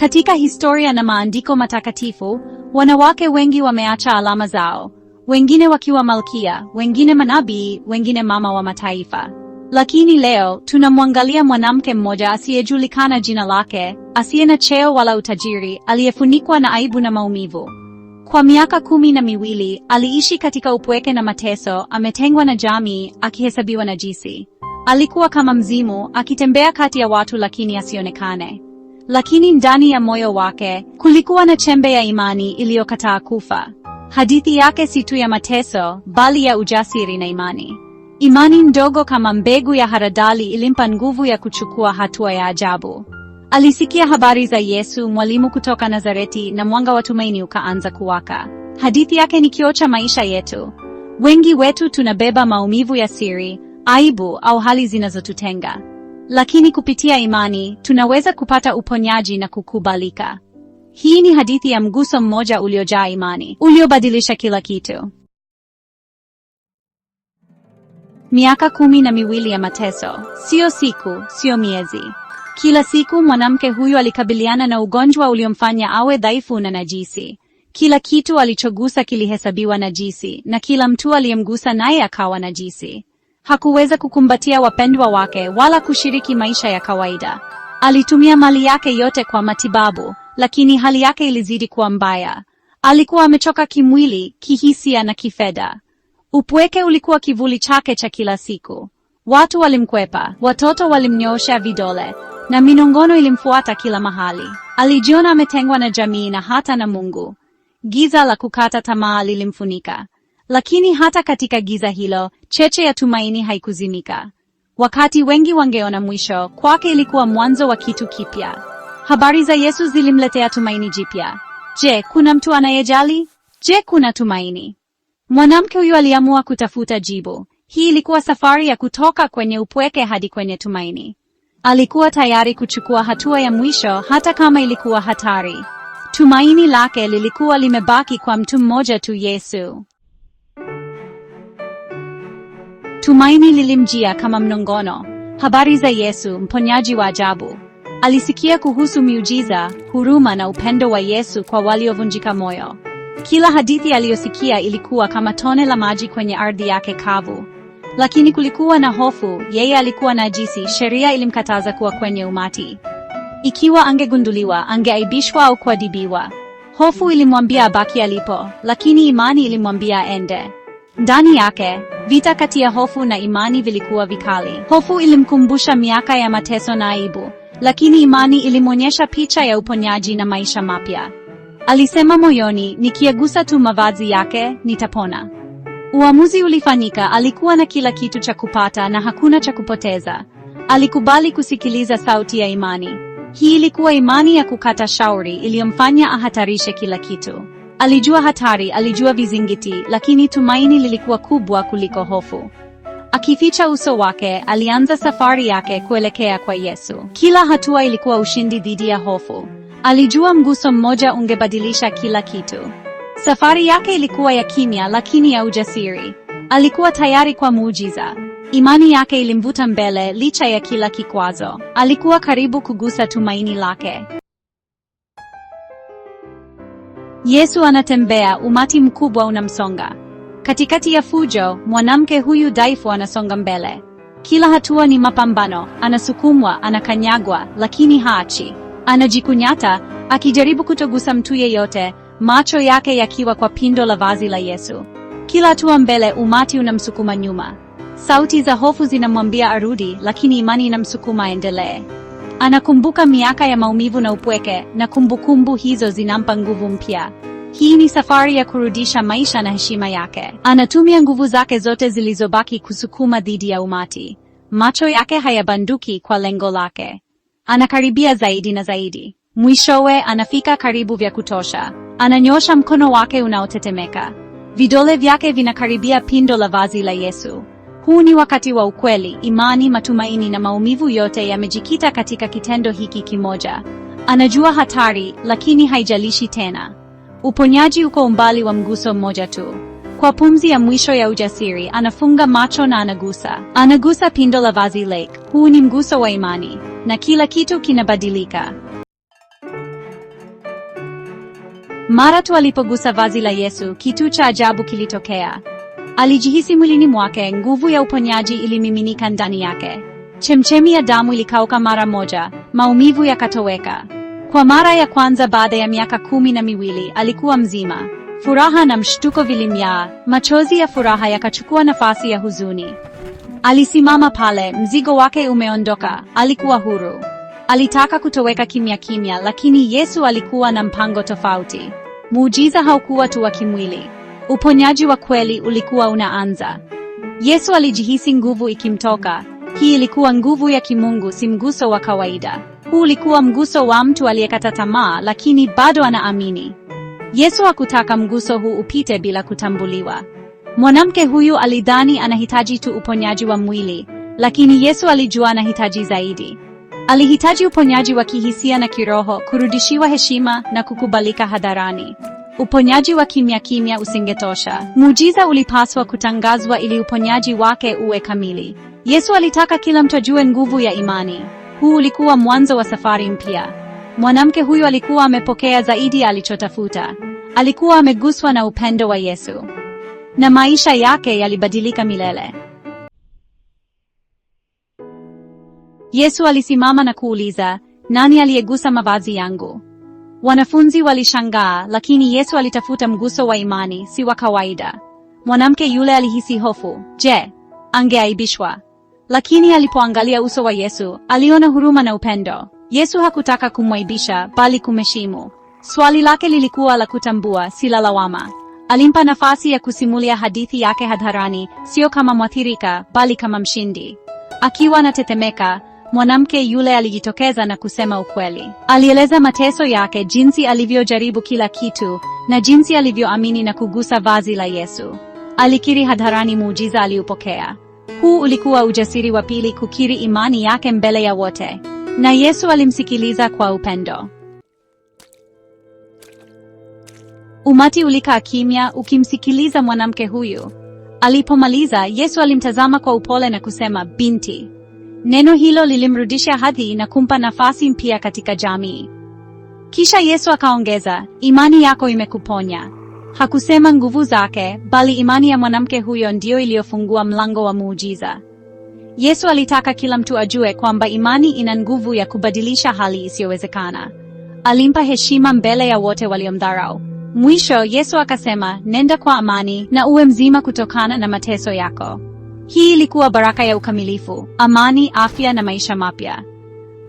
Katika historia na maandiko matakatifu, wanawake wengi wameacha alama zao, wengine wakiwa malkia, wengine manabii, wengine mama wa mataifa. Lakini leo tunamwangalia mwanamke mmoja asiyejulikana jina lake, asiye na cheo wala utajiri, aliyefunikwa na aibu na maumivu. Kwa miaka kumi na miwili aliishi katika upweke na mateso, ametengwa na jamii, akihesabiwa najisi. Alikuwa kama mzimu, akitembea kati ya watu lakini asionekane lakini ndani ya moyo wake kulikuwa na chembe ya imani iliyokataa kufa. Hadithi yake si tu ya mateso, bali ya ujasiri na imani. Imani ndogo kama mbegu ya haradali ilimpa nguvu ya kuchukua hatua ya ajabu. Alisikia habari za Yesu, mwalimu kutoka Nazareti, na mwanga wa tumaini ukaanza kuwaka. Hadithi yake ni kioo cha maisha yetu. Wengi wetu tunabeba maumivu ya siri, aibu au hali zinazotutenga lakini kupitia imani tunaweza kupata uponyaji na kukubalika. Hii ni hadithi ya mguso mmoja uliojaa imani, uliobadilisha kila kitu. Miaka kumi na miwili ya mateso, sio siku, sio miezi. Kila siku mwanamke huyu alikabiliana na ugonjwa uliomfanya awe dhaifu na najisi. Kila kitu alichogusa kilihesabiwa najisi, na kila mtu aliyemgusa naye akawa najisi hakuweza kukumbatia wapendwa wake wala kushiriki maisha ya kawaida. Alitumia mali yake yote kwa matibabu, lakini hali yake ilizidi kuwa mbaya. Alikuwa amechoka kimwili, kihisia na kifedha. Upweke ulikuwa kivuli chake cha kila siku. Watu walimkwepa, watoto walimnyoosha vidole, na minongono ilimfuata kila mahali. Alijiona ametengwa na jamii na hata na Mungu. Giza la kukata tamaa lilimfunika. Lakini hata katika giza hilo, cheche ya tumaini haikuzimika. Wakati wengi wangeona mwisho, kwake ilikuwa mwanzo wa kitu kipya. Habari za Yesu zilimletea tumaini jipya. Je, kuna mtu anayejali? Je, kuna tumaini? Mwanamke huyu aliamua kutafuta jibu. Hii ilikuwa safari ya kutoka kwenye upweke hadi kwenye tumaini. Alikuwa tayari kuchukua hatua ya mwisho hata kama ilikuwa hatari. Tumaini lake lilikuwa limebaki kwa mtu mmoja tu, Yesu. Tumaini lilimjia kama mnongono, habari za Yesu, mponyaji wa ajabu. Alisikia kuhusu miujiza, huruma na upendo wa Yesu kwa waliovunjika moyo. Kila hadithi aliyosikia ilikuwa kama tone la maji kwenye ardhi yake kavu. Lakini kulikuwa na hofu, yeye alikuwa najisi, sheria ilimkataza kuwa kwenye umati. Ikiwa angegunduliwa, angeaibishwa au kuadibiwa. Hofu ilimwambia abaki alipo, lakini imani ilimwambia ende. Ndani yake vita kati ya hofu na imani vilikuwa vikali. Hofu ilimkumbusha miaka ya mateso na aibu, lakini imani ilimwonyesha picha ya uponyaji na maisha mapya. Alisema moyoni, nikiagusa tu mavazi yake nitapona. Uamuzi ulifanyika. Alikuwa na kila kitu cha kupata na hakuna cha kupoteza. Alikubali kusikiliza sauti ya imani. Hii ilikuwa imani ya kukata shauri iliyomfanya ahatarishe kila kitu. Alijua hatari, alijua vizingiti, lakini tumaini lilikuwa kubwa kuliko hofu. Akificha uso wake, alianza safari yake kuelekea kwa Yesu. Kila hatua ilikuwa ushindi dhidi ya hofu. Alijua mguso mmoja ungebadilisha kila kitu. Safari yake ilikuwa ya kimya, lakini ya ujasiri. Alikuwa tayari kwa muujiza. Imani yake ilimvuta mbele licha ya kila kikwazo. Alikuwa karibu kugusa tumaini lake. Yesu anatembea, umati mkubwa unamsonga. Katikati ya fujo, mwanamke huyu dhaifu anasonga mbele. Kila hatua ni mapambano, anasukumwa, anakanyagwa, lakini haachi. Anajikunyata, akijaribu kutogusa mtu yeyote, macho yake yakiwa kwa pindo la vazi la Yesu. Kila hatua mbele, umati unamsukuma nyuma. Sauti za hofu zinamwambia arudi, lakini imani inamsukuma aendelee. Anakumbuka miaka ya maumivu na upweke, na kumbukumbu hizo zinampa nguvu mpya. Hii ni safari ya kurudisha maisha na heshima yake. Anatumia nguvu zake zote zilizobaki kusukuma dhidi ya umati. Macho yake hayabanduki kwa lengo lake. Anakaribia zaidi na zaidi. Mwishowe anafika karibu vya kutosha. Ananyosha mkono wake unaotetemeka. Vidole vyake vinakaribia pindo la vazi la Yesu. Huu ni wakati wa ukweli, imani, matumaini na maumivu yote yamejikita katika kitendo hiki kimoja. Anajua hatari, lakini haijalishi tena. Uponyaji uko umbali wa mguso mmoja tu. Kwa pumzi ya mwisho ya ujasiri, anafunga macho na anagusa. Anagusa pindo la vazi Lake. Huu ni mguso wa imani, na kila kitu kinabadilika. Mara tu alipogusa vazi la Yesu, kitu cha ajabu kilitokea. Alijihisi mwilini mwake, nguvu ya uponyaji ilimiminika ndani yake. Chemchemi ya damu ilikauka mara moja, maumivu yakatoweka. Kwa mara ya kwanza baada ya miaka kumi na miwili alikuwa mzima. Furaha na mshtuko vilimjaa, machozi ya furaha yakachukua nafasi ya huzuni. Alisimama pale, mzigo wake umeondoka, alikuwa huru. Alitaka kutoweka kimya kimya, lakini Yesu alikuwa na mpango tofauti. Muujiza haukuwa tu wa kimwili Uponyaji wa kweli ulikuwa unaanza. Yesu alijihisi nguvu ikimtoka. Hii ilikuwa nguvu ya kimungu, si mguso wa kawaida. Huu ulikuwa mguso wa mtu aliyekata tamaa, lakini bado anaamini. Yesu hakutaka mguso huu upite bila kutambuliwa. Mwanamke huyu alidhani anahitaji tu uponyaji wa mwili, lakini Yesu alijua anahitaji zaidi. Alihitaji uponyaji wa kihisia na kiroho, kurudishiwa heshima na kukubalika hadharani uponyaji wa kimya kimya usingetosha. Muujiza ulipaswa kutangazwa ili uponyaji wake uwe kamili. Yesu alitaka kila mtu ajue nguvu ya imani. Huu ulikuwa mwanzo wa safari mpya. Mwanamke huyu alikuwa amepokea zaidi ya alichotafuta. Alikuwa ameguswa na upendo wa Yesu, na maisha yake yalibadilika milele. Yesu alisimama na kuuliza, nani aliyegusa mavazi yangu? Wanafunzi walishangaa, lakini Yesu alitafuta mguso wa imani, si wa kawaida. Mwanamke yule alihisi hofu. Je, angeaibishwa? Lakini alipoangalia uso wa Yesu, aliona huruma na upendo. Yesu hakutaka kumwaibisha, bali kumheshimu. Swali lake lilikuwa la kutambua, si la lawama. Alimpa nafasi ya kusimulia hadithi yake hadharani, sio kama mwathirika, bali kama mshindi. Akiwa anatetemeka, mwanamke yule alijitokeza na kusema ukweli. Alieleza mateso yake, jinsi alivyojaribu kila kitu na jinsi alivyoamini na kugusa vazi la Yesu. Alikiri hadharani muujiza aliupokea. Huu ulikuwa ujasiri wa pili kukiri imani yake mbele ya wote, na Yesu alimsikiliza kwa upendo. Umati ulikaa kimya ukimsikiliza mwanamke huyu. Alipomaliza, Yesu alimtazama kwa upole na kusema, binti, Neno hilo lilimrudisha hadhi na kumpa nafasi mpya katika jamii. Kisha Yesu akaongeza, imani yako imekuponya. Hakusema nguvu zake, bali imani ya mwanamke huyo ndiyo iliyofungua mlango wa muujiza. Yesu alitaka kila mtu ajue kwamba imani ina nguvu ya kubadilisha hali isiyowezekana. Alimpa heshima mbele ya wote waliomdharau. Mwisho Yesu akasema, nenda kwa amani na uwe mzima kutokana na mateso yako. Hii ilikuwa baraka ya ukamilifu, amani, afya na maisha mapya.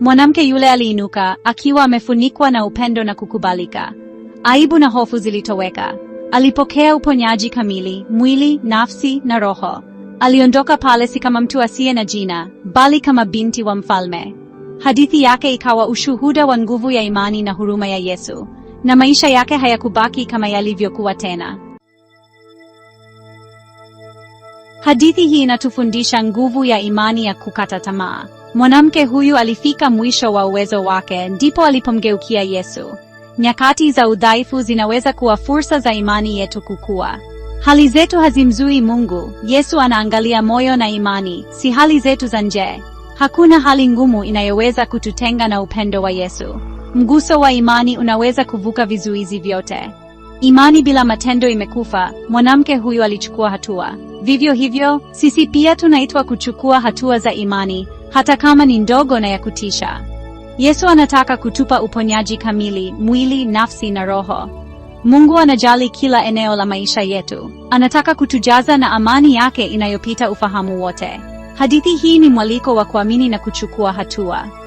Mwanamke yule aliinuka akiwa amefunikwa na upendo na kukubalika. Aibu na hofu zilitoweka. Alipokea uponyaji kamili, mwili, nafsi na roho. Aliondoka pale si kama mtu asiye na jina, bali kama binti wa mfalme. Hadithi yake ikawa ushuhuda wa nguvu ya imani na huruma ya Yesu, na maisha yake hayakubaki kama yalivyokuwa tena. Hadithi hii inatufundisha nguvu ya imani ya kukata tamaa. Mwanamke huyu alifika mwisho wa uwezo wake, ndipo alipomgeukia Yesu. Nyakati za udhaifu zinaweza kuwa fursa za imani yetu kukua. Hali zetu hazimzui Mungu. Yesu anaangalia moyo na imani, si hali zetu za nje. Hakuna hali ngumu inayoweza kututenga na upendo wa Yesu. Mguso wa imani unaweza kuvuka vizuizi vyote. Imani bila matendo imekufa. Mwanamke huyu alichukua hatua. Vivyo hivyo, sisi pia tunaitwa kuchukua hatua za imani, hata kama ni ndogo na ya kutisha. Yesu anataka kutupa uponyaji kamili, mwili, nafsi na roho. Mungu anajali kila eneo la maisha yetu. Anataka kutujaza na amani yake inayopita ufahamu wote. Hadithi hii ni mwaliko wa kuamini na kuchukua hatua.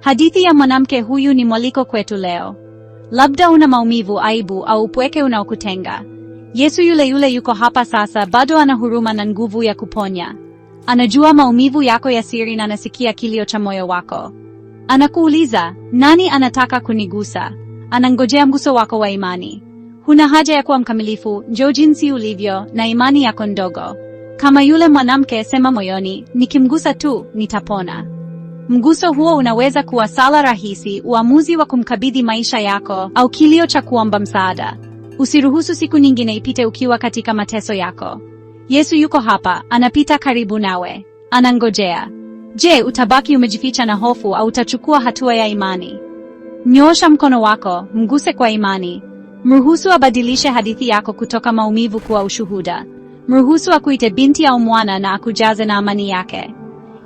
Hadithi ya mwanamke huyu ni mwaliko kwetu leo. Labda una maumivu, aibu au upweke unaokutenga. Yesu yule yule yuko hapa sasa, bado ana huruma na nguvu ya kuponya. Anajua maumivu yako ya siri na anasikia kilio cha moyo wako. Anakuuliza, nani anataka kunigusa? Anangojea mguso wako wa imani. Huna haja ya kuwa mkamilifu, njoo jinsi ulivyo na imani yako ndogo. Kama yule mwanamke, sema moyoni, nikimgusa tu nitapona. Mguso huo unaweza kuwa sala rahisi, uamuzi wa kumkabidhi maisha yako, au kilio cha kuomba msaada. Usiruhusu siku nyingine ipite ukiwa katika mateso yako. Yesu yuko hapa, anapita karibu nawe, anangojea. Je, utabaki umejificha na hofu au utachukua hatua ya imani? nyosha mkono wako, mguse kwa imani. Mruhusu abadilishe hadithi yako kutoka maumivu kuwa ushuhuda. Mruhusu akuite binti au mwana na akujaze na amani yake.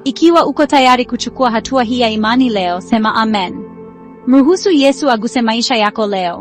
Ikiwa uko tayari kuchukua hatua hii ya imani leo, sema amen. Mruhusu Yesu aguse maisha yako leo.